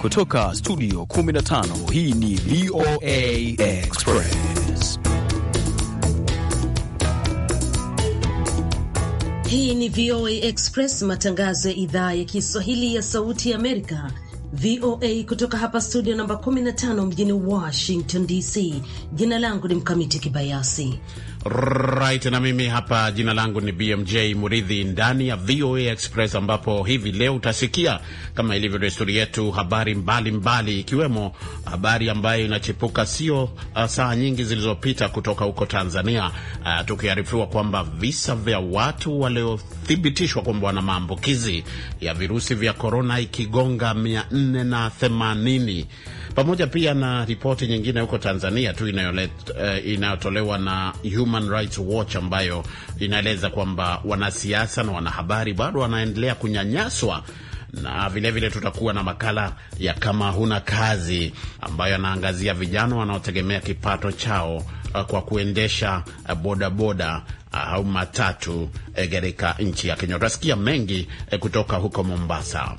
Kutoka studio 15 hii ni VOA Express. Hii ni VOA Express, matangazo ya idhaa ya Kiswahili ya Sauti ya Amerika VOA kutoka hapa studio namba 15 mjini Washington DC. Jina langu ni Mkamiti Kibayasi Right, na mimi hapa jina langu ni BMJ Muridhi ndani ya VOA Express, ambapo hivi leo utasikia kama ilivyo desturi yetu habari mbalimbali mbali, ikiwemo habari ambayo inachipuka sio uh, saa nyingi zilizopita kutoka huko Tanzania uh, tukiarifiwa kwamba visa vya watu waliothibitishwa kwamba wana maambukizi ya virusi vya korona ikigonga 480 pamoja pia na ripoti nyingine huko Tanzania tu eh, inayotolewa uh, na Human Rights Watch ambayo inaeleza kwamba wanasiasa na wanahabari bado wanaendelea kunyanyaswa na vilevile vile tutakuwa na makala ya kama huna kazi ambayo anaangazia vijana wanaotegemea kipato chao eh, kwa kuendesha eh, bodaboda au matatu katika nchi ya Kenya. Utasikia mengi kutoka huko Mombasa.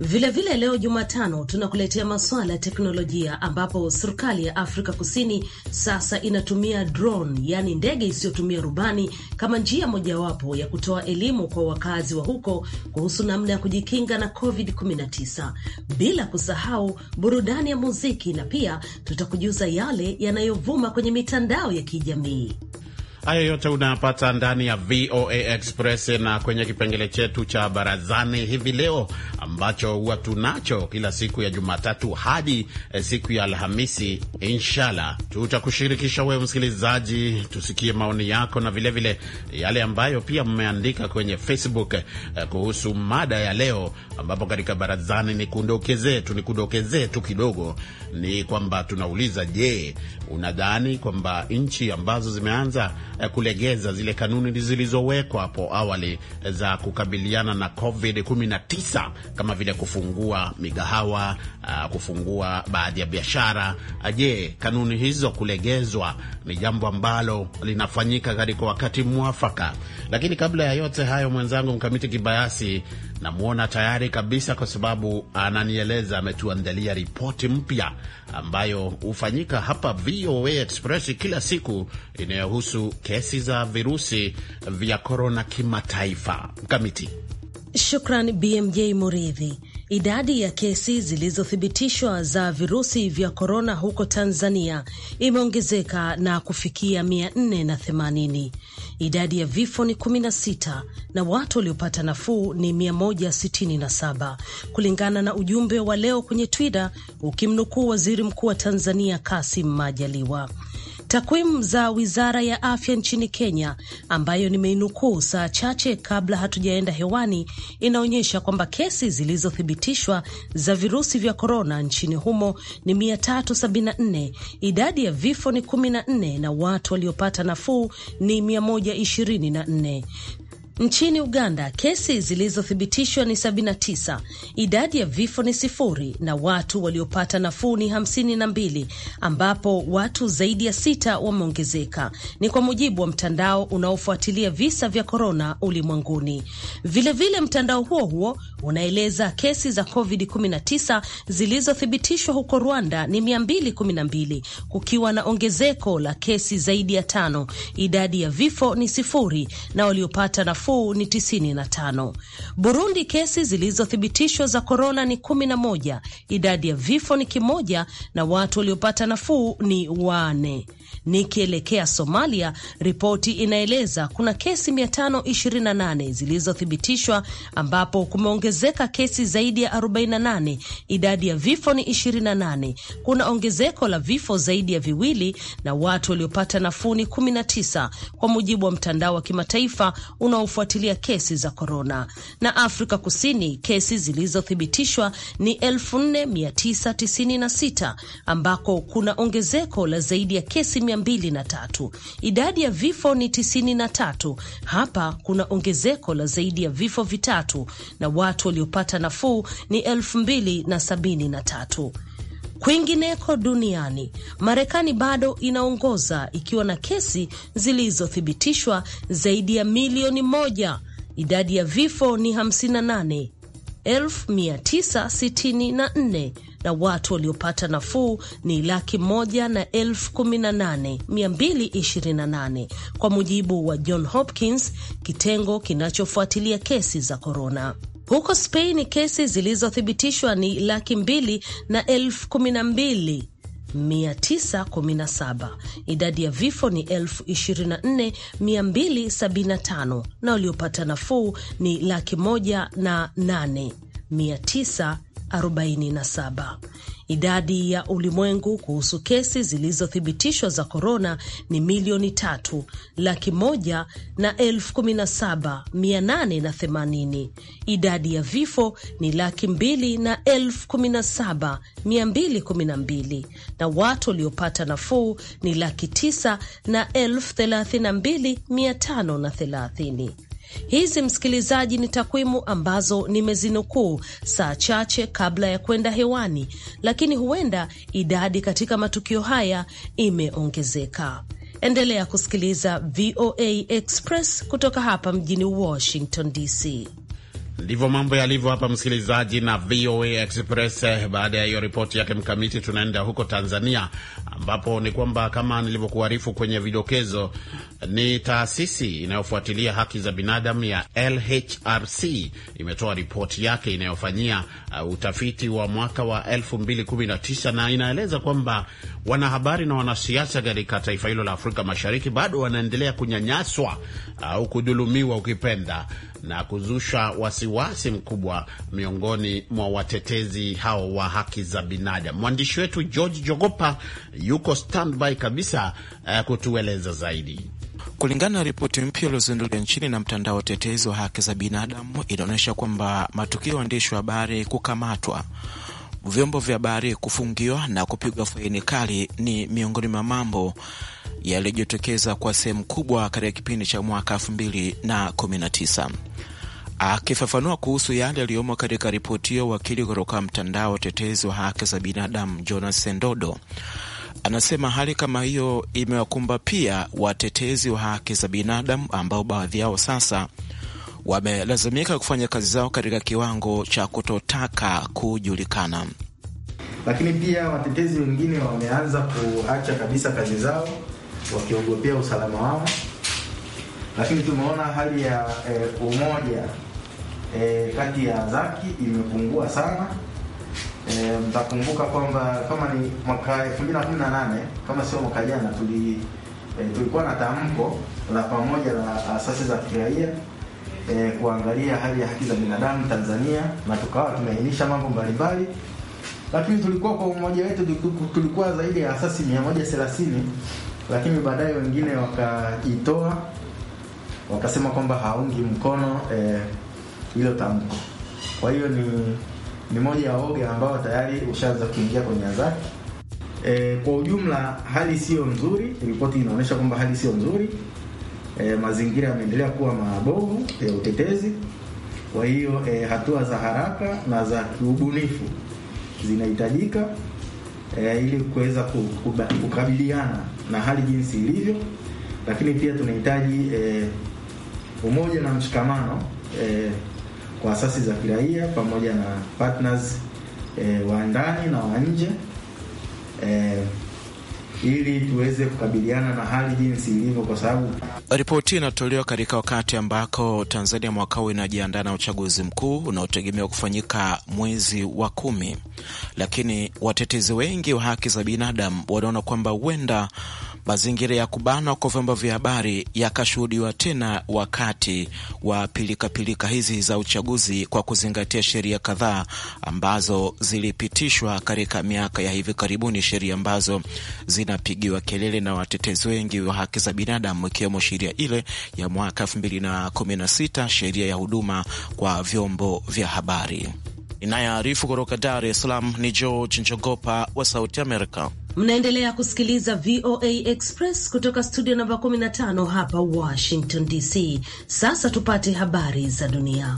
Vilevile vile leo Jumatano tunakuletea masuala ya teknolojia, ambapo serikali ya Afrika Kusini sasa inatumia drone, yaani ndege isiyotumia rubani, kama njia mojawapo ya kutoa elimu kwa wakazi wa huko kuhusu namna ya kujikinga na COVID-19, bila kusahau burudani ya muziki, na pia tutakujuza yale yanayovuma kwenye mitandao ya kijamii. Hayo yote unayapata ndani ya VOA Express na kwenye kipengele chetu cha barazani hivi leo, ambacho huwa tunacho kila siku ya Jumatatu hadi eh, siku ya Alhamisi. Inshallah tutakushirikisha wewe msikilizaji, tusikie maoni yako na vilevile vile yale ambayo pia mmeandika kwenye Facebook eh, kuhusu mada ya leo, ambapo katika barazani ni tu ni tu kidogo, ni kwamba tunauliza, je, unadhani kwamba nchi ambazo zimeanza Eh, kulegeza zile kanuni zilizowekwa hapo awali eh, za kukabiliana na COVID-19 kama vile kufungua migahawa, ah, kufungua baadhi ya biashara. Ah, je, kanuni hizo kulegezwa ni jambo ambalo linafanyika katika wakati mwafaka? Lakini kabla ya yote hayo, mwenzangu Mkamiti Kibayasi namwona tayari kabisa, kwa sababu ananieleza ametuandalia ripoti mpya ambayo hufanyika hapa VOA Express kila siku inayohusu kesi za virusi vya korona kimataifa. Mkamiti, shukran BMJ Muridhi. Idadi ya kesi zilizothibitishwa za virusi vya korona huko Tanzania imeongezeka na kufikia 480. Idadi ya vifo ni 16 na watu waliopata nafuu ni 167, kulingana na ujumbe wa leo kwenye Twitter ukimnukuu waziri mkuu wa Tanzania Kasim Majaliwa. Takwimu za wizara ya afya nchini Kenya, ambayo nimeinukuu saa chache kabla hatujaenda hewani, inaonyesha kwamba kesi zilizothibitishwa za virusi vya korona nchini humo ni 374, idadi ya vifo ni 14 na watu waliopata nafuu ni 124. Nchini Uganda, kesi zilizothibitishwa ni 79, idadi ya vifo ni sifuri na watu waliopata nafuu ni 52, ambapo watu zaidi ya sita wameongezeka, ni kwa mujibu wa mtandao unaofuatilia visa vya korona ulimwenguni. Vilevile, mtandao huo huo unaeleza kesi za COVID-19 zilizothibitishwa huko Rwanda ni 212, kukiwa na ongezeko la kesi zaidi ya tano. Idadi ya vifo ni sifuri na waliopata nafuu nafuu ni 95. Burundi, kesi zilizothibitishwa za korona ni 11, idadi ya vifo ni kimoja na watu waliopata nafuu ni wane. Nikielekea Somalia, ripoti inaeleza kuna kesi 528 zilizothibitishwa ambapo kumeongezeka kesi zaidi ya 48. Idadi ya vifo ni 28. Kuna ongezeko la vifo zaidi ya viwili na watu waliopata nafuu ni 19, kwa mujibu wa mtandao wa kimataifa unaofuatilia kesi za korona. Na Afrika Kusini, kesi zilizothibitishwa ni 4996 ambako kuna ongezeko la zaidi ya kesi kesi 203. Idadi ya vifo ni 93. Hapa kuna ongezeko la zaidi ya vifo vitatu, na watu waliopata nafuu ni 2073. Kwingineko duniani, Marekani bado inaongoza ikiwa na kesi zilizothibitishwa zaidi ya milioni moja. Idadi ya vifo ni 58,964 na watu waliopata nafuu ni laki moja na elfu kumi na nane mia mbili ishirini na nane kwa mujibu wa John Hopkins, kitengo kinachofuatilia kesi za korona. Huko Spain, kesi zilizothibitishwa ni laki mbili na elfu kumi na mbili 917. Idadi ya vifo ni 24275 na waliopata nafuu ni laki moja na nane 47. Idadi ya ulimwengu kuhusu kesi zilizothibitishwa za korona ni milioni tatu laki moja na elfu kumi na saba mia nane na themanini. Idadi ya vifo ni laki mbili na elfu kumi na saba mia mbili kumi na mbili na watu waliopata nafuu ni laki tisa na elfu thelathini na mbili mia tano na thelathini. Hizi msikilizaji, ni takwimu ambazo nimezinukuu saa chache kabla ya kwenda hewani, lakini huenda idadi katika matukio haya imeongezeka. Endelea kusikiliza VOA Express kutoka hapa mjini Washington DC. Ndivyo mambo yalivyo hapa, msikilizaji, na VOA Express. Eh, baada ya hiyo ripoti yake Mkamiti, tunaenda huko Tanzania, ambapo ni kwamba kama nilivyokuarifu kwenye vidokezo, ni taasisi inayofuatilia haki za binadamu ya LHRC imetoa ripoti yake inayofanyia uh, utafiti wa mwaka wa 2019 na inaeleza kwamba wanahabari na wanasiasa katika taifa hilo la Afrika Mashariki bado wanaendelea kunyanyaswa au kudhulumiwa ukipenda, na kuzusha wasiwasi mkubwa miongoni mwa watetezi hao wa haki za binadamu. Mwandishi wetu George Jogopa yuko standby kabisa uh, kutueleza zaidi. Kulingana na ripoti mpya iliyozinduliwa nchini na mtandao wa utetezi wa haki za binadamu, inaonyesha kwamba matukio ya waandishi wa habari kukamatwa vyombo vya habari kufungiwa na kupigwa faini kali ni miongoni mwa mambo yaliyojitokeza kwa sehemu kubwa katika kipindi cha mwaka 2019. Akifafanua kuhusu yale yaliyomo katika ripoti hiyo, wakili kutoka mtandao tetezi wa haki za binadamu Jonas Sendodo anasema hali kama hiyo imewakumba pia watetezi wa haki za binadamu ambao baadhi yao sasa wamelazimika kufanya kazi zao katika kiwango cha kutotaka kujulikana. Lakini pia watetezi wengine wameanza kuacha kabisa kazi zao wakiogopea usalama wao, lakini tumeona hali ya eh, umoja eh, kati ya zaki imepungua sana. E, mtakumbuka kwamba kama ni mwaka nane kama sio mwaka jana, tuli, e, tulikuwa na tamko la pamoja la asasi za kiraia e, kuangalia hali ya haki za binadamu Tanzania, na tukawa tumeainisha mambo mbalimbali, lakini tulikuwa kwa umoja wetu tulikuwa zaidi ya asasi 130 lakini baadaye wengine wakajitoa wakasema kwamba haungi mkono e, hilo eh, tamko. Kwa hiyo ni ni moja ya oge ambao tayari ushaanza kuingia kwenye azaki. E, kwa ujumla hali siyo nzuri, ripoti inaonyesha kwamba hali siyo nzuri e, mazingira yameendelea kuwa mabovu ya utetezi. Kwa hiyo e, hatua za haraka na za kiubunifu zinahitajika e, ili kuweza kukabiliana na hali jinsi ilivyo, lakini pia tunahitaji e, umoja na mshikamano e, kwa asasi za kiraia pamoja na partners e, wa ndani na wa nje e, ili tuweze kukabiliana na hali jinsi ilivyo, kwa sababu ripoti inatolewa katika wakati ambako Tanzania mwaka huu inajiandaa na uchaguzi mkuu unaotegemewa kufanyika mwezi wa kumi, lakini watetezi wengi wa haki za binadamu wanaona kwamba huenda Mazingira ya kubanwa kwa vyombo vya habari yakashuhudiwa tena wakati wa pilikapilika hizi za uchaguzi, kwa kuzingatia sheria kadhaa ambazo zilipitishwa katika miaka ya hivi karibuni, sheria ambazo zinapigiwa kelele na watetezi wengi wa haki za binadamu, ikiwemo sheria ile ya mwaka sita, sheria ya huduma kwa vyombo vya habari. Inayoarifu kutoka Dar es Salaam ni George Njogopa wa Sauti Amerika. Mnaendelea kusikiliza VOA Express kutoka studio namba 15 hapa Washington DC. Sasa tupate habari za dunia.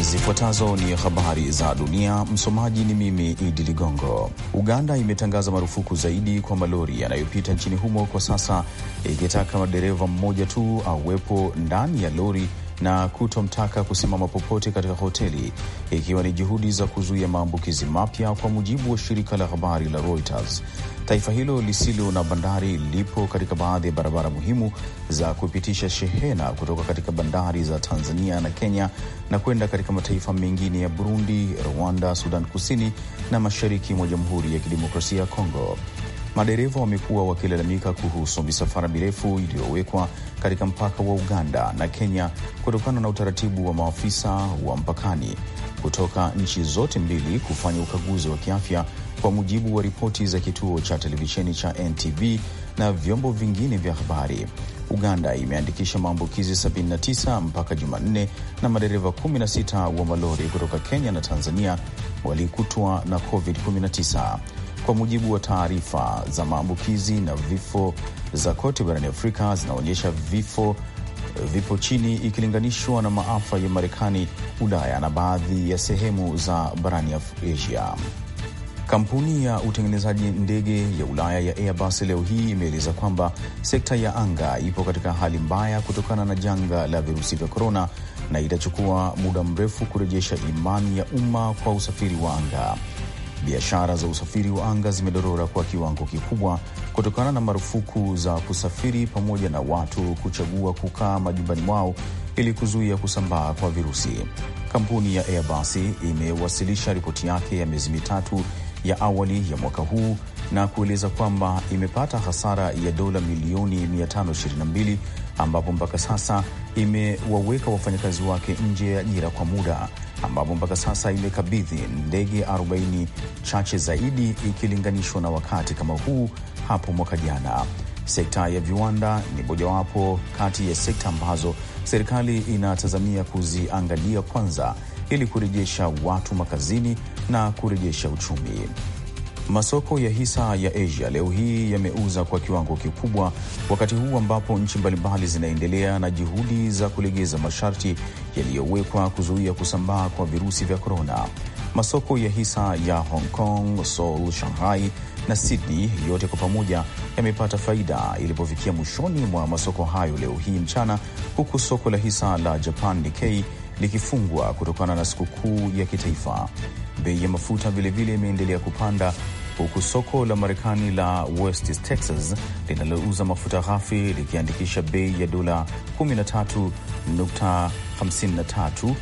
Zifuatazo ni habari za dunia. Msomaji ni mimi Idi Ligongo. Uganda imetangaza marufuku zaidi kwa malori yanayopita nchini humo kwa sasa, ikitaka madereva mmoja tu awepo ndani ya lori na kutomtaka kusimama popote katika hoteli, ikiwa ni juhudi za kuzuia maambukizi mapya, kwa mujibu wa shirika la habari la Reuters. Taifa hilo lisilo na bandari lipo katika baadhi ya barabara muhimu za kupitisha shehena kutoka katika bandari za Tanzania na Kenya na kwenda katika mataifa mengine ya Burundi, Rwanda, Sudan Kusini na mashariki mwa Jamhuri ya Kidemokrasia ya Kongo. Madereva wamekuwa wakilalamika kuhusu misafara mirefu iliyowekwa katika mpaka wa Uganda na Kenya kutokana na utaratibu wa maafisa wa mpakani kutoka nchi zote mbili kufanya ukaguzi wa kiafya, kwa mujibu wa ripoti za kituo cha televisheni cha NTV na vyombo vingine vya habari. Uganda imeandikisha maambukizi 79 mpaka Jumanne na madereva 16 wa malori kutoka Kenya na Tanzania walikutwa na COVID-19. Kwa mujibu wa taarifa za maambukizi na vifo za kote barani Afrika zinaonyesha vifo vipo chini ikilinganishwa na maafa ya Marekani, Ulaya na baadhi ya sehemu za barani Asia. Kampuni ya utengenezaji ndege ya Ulaya ya Airbus leo hii imeeleza kwamba sekta ya anga ipo katika hali mbaya kutokana na janga la virusi vya korona na itachukua muda mrefu kurejesha imani ya umma kwa usafiri wa anga. Biashara za usafiri wa anga zimedorora kwa kiwango kikubwa kutokana na marufuku za kusafiri pamoja na watu kuchagua kukaa majumbani mwao ili kuzuia kusambaa kwa virusi. Kampuni ya Airbus imewasilisha ripoti yake ya miezi mitatu ya awali ya mwaka huu na kueleza kwamba imepata hasara ya dola milioni 522 ambapo mpaka sasa imewaweka wafanyakazi wake nje ya ajira kwa muda ambapo mpaka sasa imekabidhi ndege 40 chache zaidi ikilinganishwa na wakati kama huu hapo mwaka jana. Sekta ya viwanda ni mojawapo kati ya sekta ambazo serikali inatazamia kuziangalia kwanza ili kurejesha watu makazini na kurejesha uchumi. Masoko ya hisa ya Asia leo hii yameuza kwa kiwango kikubwa, wakati huu ambapo nchi mbalimbali zinaendelea na juhudi za kulegeza masharti yaliyowekwa kuzuia kusambaa kwa virusi vya korona. Masoko ya hisa ya Hong Kong, Seoul, Shanghai na Sydney yote kwa pamoja yamepata faida ilipofikia mwishoni mwa masoko hayo leo hii mchana, huku soko la hisa la Japan Nikkei likifungwa kutokana na sikukuu ya kitaifa. Bei ya mafuta vilevile imeendelea kupanda huku soko la Marekani la West Texas linalouza mafuta ghafi likiandikisha bei ya dola 13.53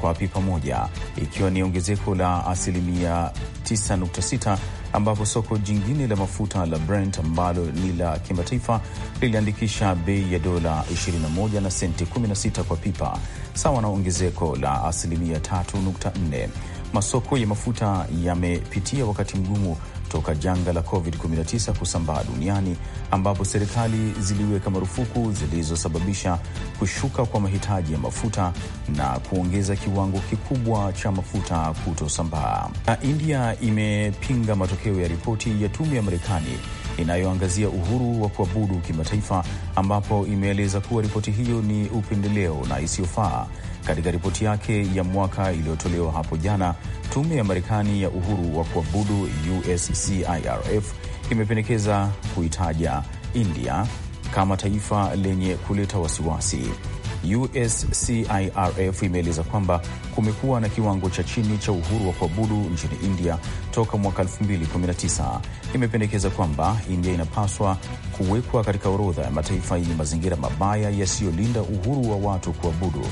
kwa pipa moja, ikiwa ni ongezeko la asilimia 9.6 ambapo soko jingine la mafuta la Brent ambalo ni la kimataifa liliandikisha bei ya dola 21 na senti 16 kwa pipa sawa na ongezeko la asilimia 3.4. Masoko ya mafuta yamepitia wakati mgumu toka janga la COVID-19 kusambaa duniani ambapo serikali ziliweka marufuku zilizosababisha kushuka kwa mahitaji ya mafuta na kuongeza kiwango kikubwa cha mafuta kutosambaa. Na India imepinga matokeo ya ripoti ya tume ya Marekani inayoangazia uhuru wa kuabudu kimataifa ambapo imeeleza kuwa ripoti hiyo ni upendeleo na isiyofaa. Katika ripoti yake ya mwaka iliyotolewa hapo jana, tume ya Marekani ya uhuru wa kuabudu USCIRF imependekeza kuitaja India kama taifa lenye kuleta wasiwasi. USCIRF imeeleza kwamba kumekuwa na kiwango cha chini cha uhuru wa kuabudu nchini India toka mwaka 2019. Imependekeza kwamba India inapaswa kuwekwa katika orodha ya mataifa yenye mazingira mabaya yasiyolinda uhuru wa watu kuabudu.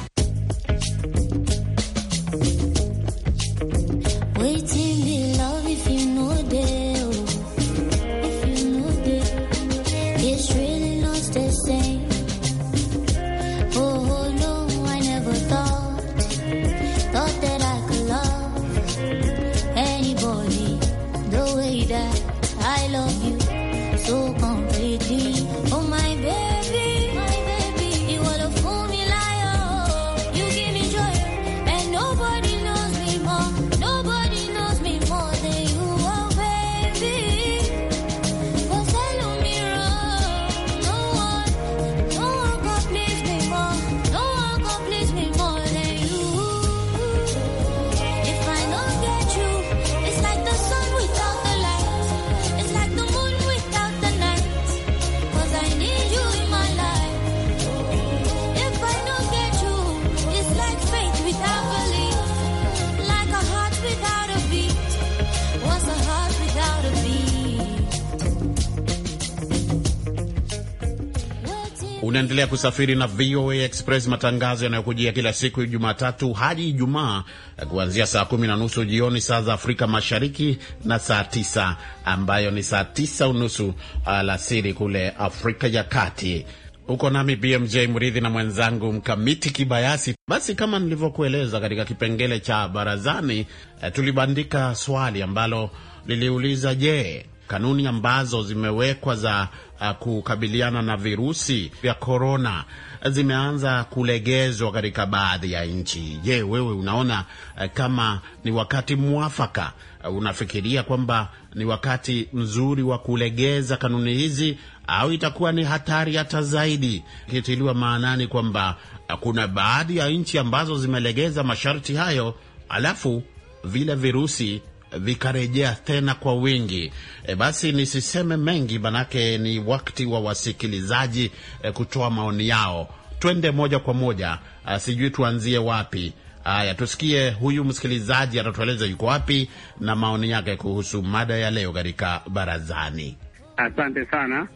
Unaendelea kusafiri na VOA Express, matangazo yanayokujia kila siku Jumatatu hadi Ijumaa kuanzia saa kumi na nusu jioni saa za Afrika Mashariki na saa tisa ambayo ni saa tisa unusu alasiri kule Afrika ya Kati. Uko nami BMJ Mridhi na mwenzangu Mkamiti Kibayasi. Basi, kama nilivyokueleza katika kipengele cha barazani, eh, tulibandika swali ambalo liliuliza je, kanuni ambazo zimewekwa za uh, kukabiliana na virusi vya korona zimeanza kulegezwa katika baadhi ya nchi. Je, wewe unaona uh, kama ni wakati mwafaka uh, unafikiria kwamba ni wakati mzuri wa kulegeza kanuni hizi au itakuwa ni hatari hata zaidi, ikitiliwa maanani kwamba uh, kuna baadhi ya nchi ambazo zimelegeza masharti hayo alafu vile virusi vikarejea tena kwa wingi. E, basi nisiseme mengi, manake ni wakati wa wasikilizaji e, kutoa maoni yao. Twende moja kwa moja a, sijui tuanzie wapi? Haya, tusikie huyu msikilizaji atatueleza yuko wapi na maoni yake kuhusu mada ya leo katika barazani. Asante sana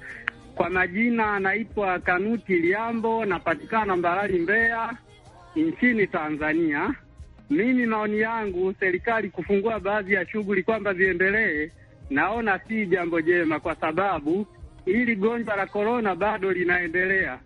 kwa majina, anaitwa Kanuti Liambo, napatikana Mbarali, Mbeya nchini Tanzania. Mimi maoni yangu, serikali kufungua baadhi ya shughuli kwamba ziendelee, naona si jambo jema, kwa sababu ili gonjwa la korona bado linaendelea,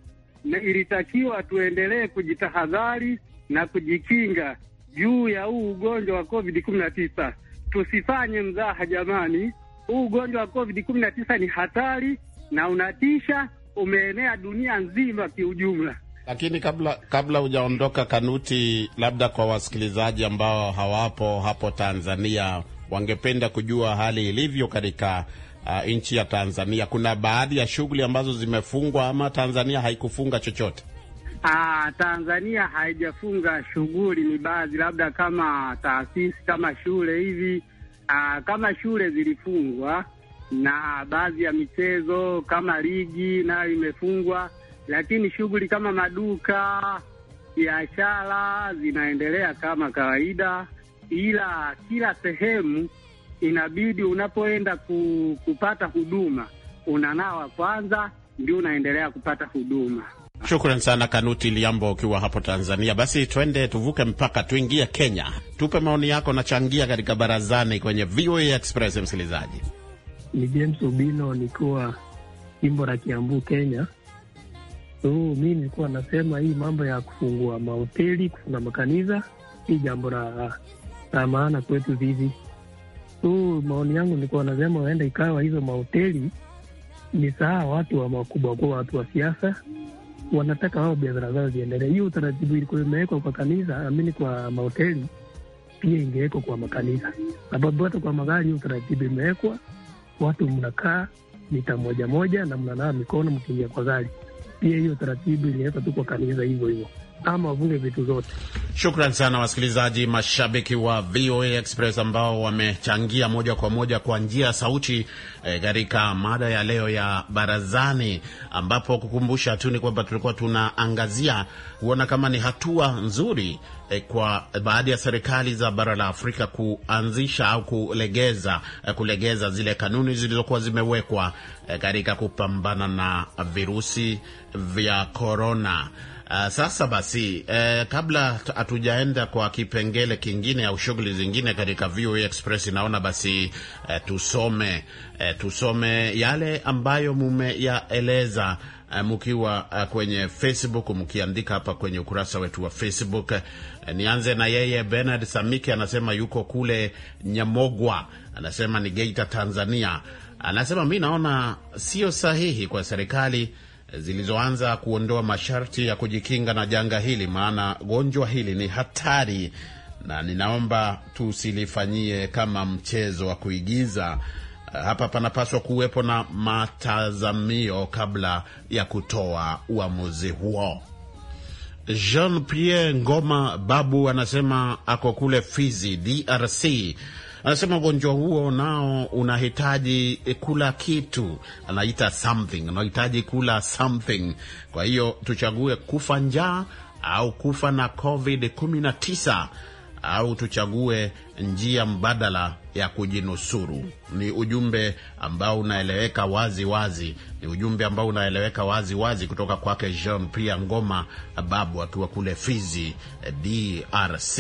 na ilitakiwa tuendelee kujitahadhari na kujikinga juu ya huu ugonjwa wa covid kumi na tisa. Tusifanye mzaha jamani, huu ugonjwa wa covid kumi na tisa ni hatari na unatisha, umeenea dunia nzima kiujumla. Lakini kabla kabla hujaondoka Kanuti, labda kwa wasikilizaji ambao hawapo hapo Tanzania wangependa kujua hali ilivyo katika uh, nchi ya Tanzania. Kuna baadhi ya shughuli ambazo zimefungwa ama Tanzania haikufunga chochote? Aa, ah, Tanzania haijafunga shughuli, ni baadhi labda kama taasisi kama shule hivi. Aa, ah, kama shule zilifungwa na baadhi ya michezo kama ligi nayo imefungwa lakini shughuli kama maduka, biashara zinaendelea kama kawaida, ila kila sehemu inabidi unapoenda ku, kupata huduma unanawa kwanza, ndio unaendelea kupata huduma. Shukran sana Kanuti Liambo, ukiwa hapo Tanzania. Basi twende tuvuke mpaka tuingie Kenya, tupe maoni yako nachangia katika barazani kwenye VOA Express. Msikilizaji ni James Obino, nikiwa jimbo la Kiambu, Kenya huu, mi nilikuwa nasema hii mambo ya kufungua mahoteli, kufunga makanisa, hii jambo la la maana kwetu vivi tu. Maoni yangu nilikuwa nasema waenda ikawa hizo mahoteli ni saa watu wa makubwa kuwa watu wa siasa wanataka wao biashara zao ziendelee. Hiyo utaratibu ilikuwa imewekwa kwa kanisa, amini kwa mahoteli pia ingewekwa kwa makanisa, sababu hata kwa magari hiyo utaratibu imewekwa, watu mnakaa mita moja moja na mnanawa mikono mkiingia kwa gari pia hiyo taratibu iliwekwa tu kwa kanisa hivyo hivyo ama vule vitu zote. Shukran sana wasikilizaji, mashabiki wa VOA Express ambao wamechangia moja kwa moja kwa njia sauti eh, katika e, mada ya leo ya barazani, ambapo kukumbusha tu ni kwamba tulikuwa tunaangazia kuona kama ni hatua nzuri e, kwa baadhi ya serikali za bara la Afrika kuanzisha au kulegeza e, kulegeza zile kanuni zilizokuwa zimewekwa katika e, kupambana na virusi vya korona. Uh, sasa basi eh, kabla hatujaenda kwa kipengele kingine au shughuli zingine katika VOA e Express, naona basi eh, tusome eh, tusome yale ambayo mumeyaeleza eh, mkiwa eh, kwenye Facebook mkiandika hapa kwenye ukurasa wetu wa Facebook. Eh, nianze na yeye Bernard Samike, anasema yuko kule Nyamogwa, anasema ni Geita, Tanzania. Anasema mi naona sio sahihi kwa serikali zilizoanza kuondoa masharti ya kujikinga na janga hili, maana gonjwa hili ni hatari, na ninaomba tusilifanyie kama mchezo wa kuigiza. Hapa panapaswa kuwepo na matazamio kabla ya kutoa uamuzi huo. Jean Pierre Ngoma Babu anasema ako kule Fizi, DRC. Anasema ugonjwa huo nao unahitaji kula kitu, anaita something, unahitaji kula something. Kwa hiyo tuchague kufa njaa au kufa na Covid 19 au tuchague njia mbadala ya kujinusuru. Ni ujumbe ambao unaeleweka wazi wazi, ni ujumbe ambao unaeleweka wazi wazi kutoka kwake Jean Pierre Ngoma Babu akiwa kule Fizi, eh, DRC.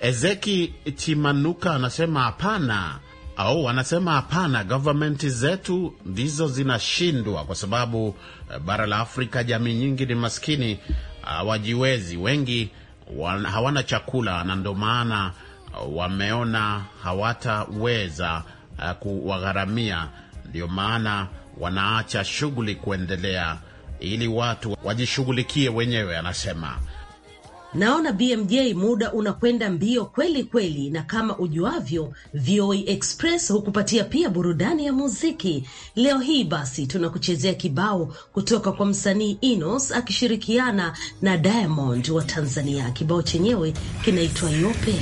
Ezeki Chimanuka anasema hapana, au anasema hapana, gavamenti zetu ndizo zinashindwa, kwa sababu eh, bara la Afrika jamii nyingi ni maskini, hawajiwezi, wengi hawana chakula, na ndio maana wameona hawataweza eh, kuwagharamia, ndio maana wanaacha shughuli kuendelea ili watu wajishughulikie wenyewe, anasema. Naona BMJ muda unakwenda mbio kweli kweli, na kama ujuavyo, VOA e Express hukupatia pia burudani ya muziki. Leo hii basi tunakuchezea kibao kutoka kwa msanii Inos akishirikiana na Diamond wa Tanzania. Kibao chenyewe kinaitwa Yope.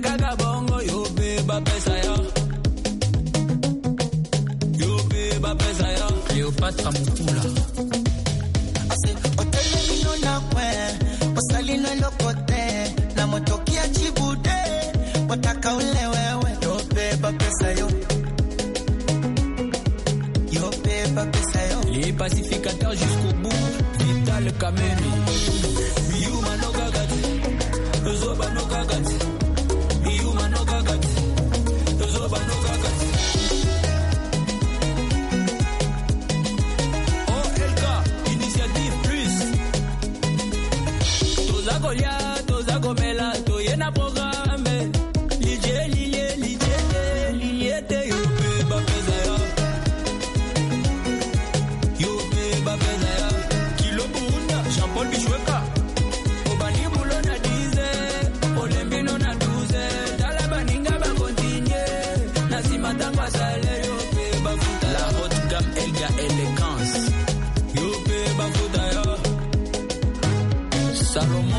kaka bongo yobeba pesa yo yobeba pesa yo patra motula ase otelelino na kwe osalino eloko te na motoki ya cibude otaka ule wewe yobeba pesa yo yobeba pesa yo les pacificateurs jusqu'au bout vital kamemi miyu no tozobanokakati Yeah.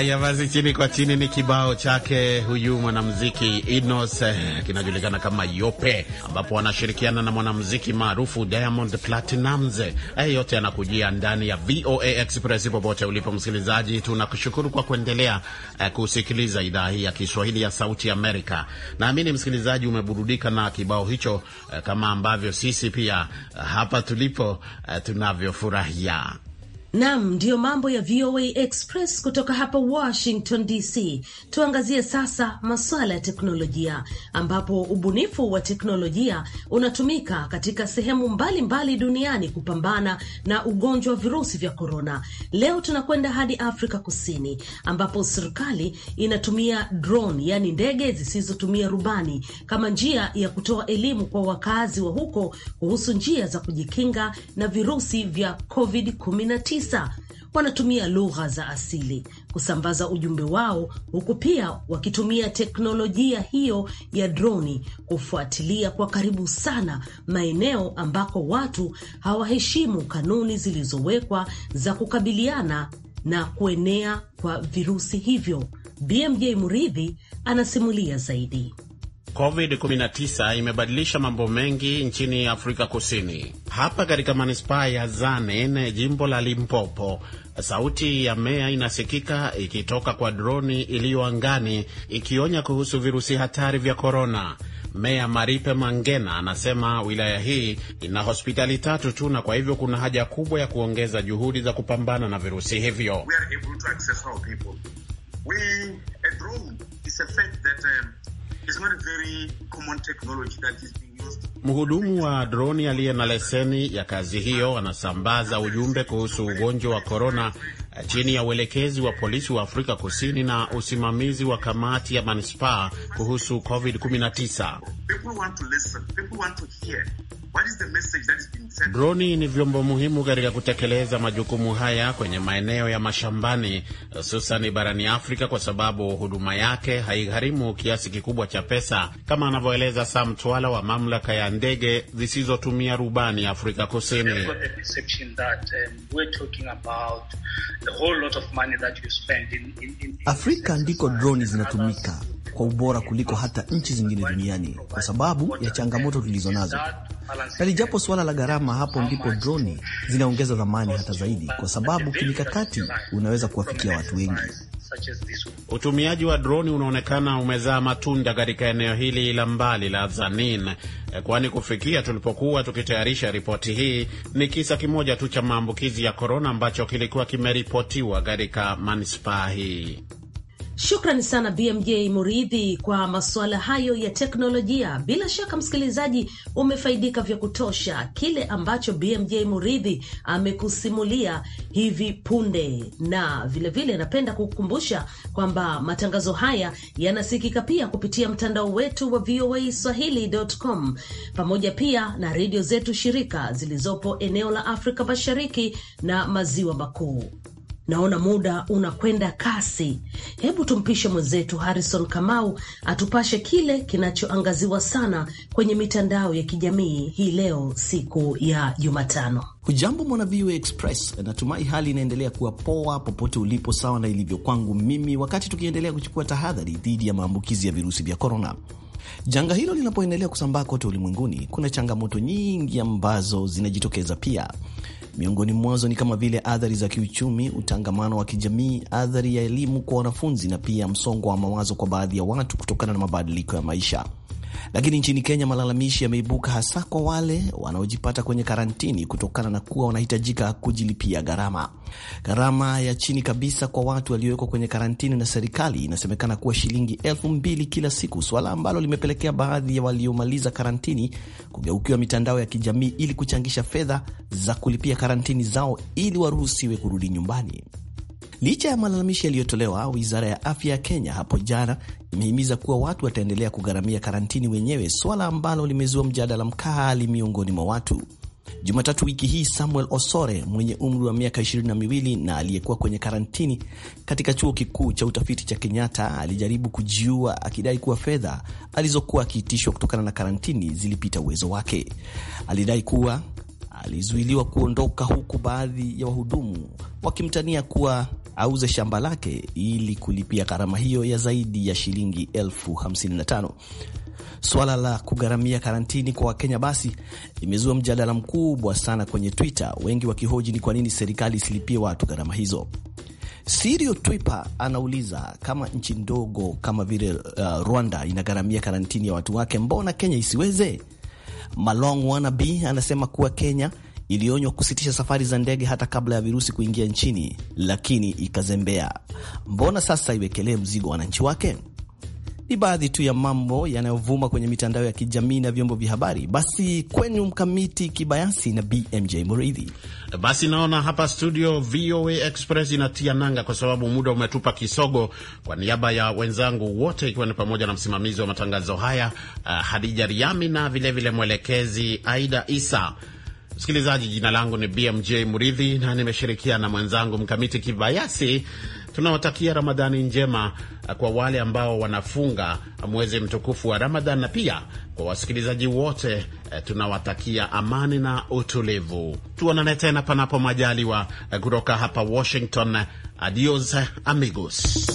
Haya basi, chini kwa chini ni kibao chake huyu mwanamuziki Inos eh, kinajulikana kama Yope, ambapo anashirikiana na mwanamuziki maarufu Diamond Platnumz. Hayo eh, yote yanakujia ndani ya VOA Express. Popote ulipo msikilizaji, tunakushukuru kwa kuendelea eh, kusikiliza idhaa hii ya Kiswahili ya Sauti Amerika. Naamini msikilizaji, umeburudika na kibao hicho, kama ambavyo sisi pia hapa tulipo tunavyofurahia. Nam, ndiyo mambo ya VOA Express kutoka hapa Washington DC. Tuangazie sasa masuala ya teknolojia, ambapo ubunifu wa teknolojia unatumika katika sehemu mbalimbali mbali duniani kupambana na ugonjwa wa virusi vya korona. Leo tunakwenda hadi Afrika Kusini, ambapo serikali inatumia drone, yaani ndege zisizotumia rubani, kama njia ya kutoa elimu kwa wakazi wa huko kuhusu njia za kujikinga na virusi vya COVID-19 kabisa wanatumia lugha za asili kusambaza ujumbe wao, huku pia wakitumia teknolojia hiyo ya droni kufuatilia kwa karibu sana maeneo ambako watu hawaheshimu kanuni zilizowekwa za kukabiliana na kuenea kwa virusi hivyo. BMJ Muridhi anasimulia zaidi. COVID-19 imebadilisha mambo mengi nchini Afrika Kusini. Hapa katika manispaa ya Zanen, jimbo la Limpopo, sauti ya meya inasikika ikitoka kwa droni iliyo angani ikionya kuhusu virusi hatari vya korona. Meya Maripe Mangena anasema wilaya hii ina hospitali tatu tu na kwa hivyo kuna haja kubwa ya kuongeza juhudi za kupambana na virusi hivyo. We Mhudumu wa droni aliye na leseni ya kazi hiyo anasambaza ujumbe kuhusu ugonjwa wa korona chini ya uelekezi wa polisi wa Afrika Kusini na usimamizi wa kamati ya manispaa kuhusu COVID-19. Droni ni vyombo muhimu katika kutekeleza majukumu haya kwenye maeneo ya mashambani, hususan barani Afrika, kwa sababu huduma yake haigharimu kiasi kikubwa cha pesa, kama anavyoeleza Sam Twala wa mamlaka ya ndege zisizotumia rubani Afrika Kusini. Afrika ndiko droni zinatumika kwa ubora kuliko hata nchi zingine duniani kwa sababu ya changamoto tulizo nazo, na lijapo suala la gharama, hapo ndipo droni zinaongeza dhamani hata zaidi, kwa sababu kimikakati unaweza kuwafikia watu wengi. Utumiaji wa droni unaonekana umezaa matunda katika eneo hili la mbali la Zanin, e, kwani kufikia tulipokuwa tukitayarisha ripoti hii ni kisa kimoja tu cha maambukizi ya korona ambacho kilikuwa kimeripotiwa katika manispaa hii. Shukrani sana BMJ Muridhi kwa masuala hayo ya teknolojia. Bila shaka, msikilizaji, umefaidika vya kutosha kile ambacho BMJ Muridhi amekusimulia hivi punde, na vilevile vile napenda kukukumbusha kwamba matangazo haya yanasikika pia kupitia mtandao wetu wa VOA Swahili.com pamoja pia na redio zetu shirika zilizopo eneo la Afrika Mashariki na Maziwa Makuu. Naona muda unakwenda kasi, hebu tumpishe mwenzetu Harrison Kamau atupashe kile kinachoangaziwa sana kwenye mitandao ya kijamii hii leo, siku ya Jumatano. Hujambo mwana VOA Express, natumai hali inaendelea kuwa poa popote ulipo, sawa na ilivyo kwangu mimi, wakati tukiendelea kuchukua tahadhari dhidi ya maambukizi ya virusi vya korona. Janga hilo linapoendelea kusambaa kote ulimwenguni, kuna changamoto nyingi ambazo zinajitokeza pia Miongoni mwazo ni kama vile athari za kiuchumi, utangamano wa kijamii, athari ya elimu kwa wanafunzi na pia msongo wa mawazo kwa baadhi ya watu kutokana na mabadiliko ya maisha. Lakini nchini Kenya, malalamishi yameibuka hasa kwa wale wanaojipata kwenye karantini kutokana na kuwa wanahitajika kujilipia gharama. Gharama ya chini kabisa kwa watu waliowekwa kwenye karantini na serikali inasemekana kuwa shilingi elfu mbili kila siku, suala ambalo limepelekea baadhi ya waliomaliza karantini kugeukiwa mitandao ya kijamii ili kuchangisha fedha za kulipia karantini zao ili waruhusiwe kurudi nyumbani. Licha ya malalamishi yaliyotolewa, wizara ya afya ya Kenya hapo jana imehimiza kuwa watu wataendelea kugharamia karantini wenyewe, swala ambalo limezua mjadala mkali miongoni mwa watu. Jumatatu wiki hii Samuel Osore mwenye umri wa miaka ishirini na miwili na aliyekuwa kwenye karantini katika chuo kikuu cha utafiti cha Kenyatta alijaribu kujiua akidai kuwa fedha alizokuwa akiitishwa kutokana na karantini zilipita uwezo wake. Alidai kuwa alizuiliwa kuondoka huku baadhi ya wahudumu wakimtania kuwa auze shamba lake ili kulipia gharama hiyo ya zaidi ya shilingi elfu Swala la kugharamia karantini kwa Wakenya basi imezua mjadala mkubwa sana kwenye Twitter, wengi wakihoji ni kwa nini serikali isilipie watu gharama hizo. Sirio Twipa anauliza kama nchi ndogo kama vile uh, Rwanda inagharamia karantini ya watu wake, mbona Kenya isiweze? Malong wanab anasema kuwa Kenya ilionywa kusitisha safari za ndege hata kabla ya virusi kuingia nchini, lakini ikazembea. Mbona sasa iwekelee mzigo wananchi wake? Ni baadhi tu ya mambo yanayovuma kwenye mitandao ya kijamii na vyombo vya habari. Basi kwenu Mkamiti Kibayasi na BMJ Muridhi. Basi naona hapa studio VOA Express inatia nanga, kwa sababu muda umetupa kisogo. Kwa niaba ya wenzangu wote, ikiwa ni pamoja na msimamizi wa matangazo haya uh, Hadija Riami na vilevile vile mwelekezi Aida Isa Msikilizaji, jina langu ni BMJ Muridhi na nimeshirikiana na mwenzangu Mkamiti Kibayasi. Tunawatakia Ramadhani njema uh, kwa wale ambao wanafunga uh, mwezi mtukufu wa Ramadhan, na pia kwa wasikilizaji wote uh, tunawatakia amani na utulivu. Tuonane tena panapo majaliwa, kutoka hapa Washington. Adios amigos.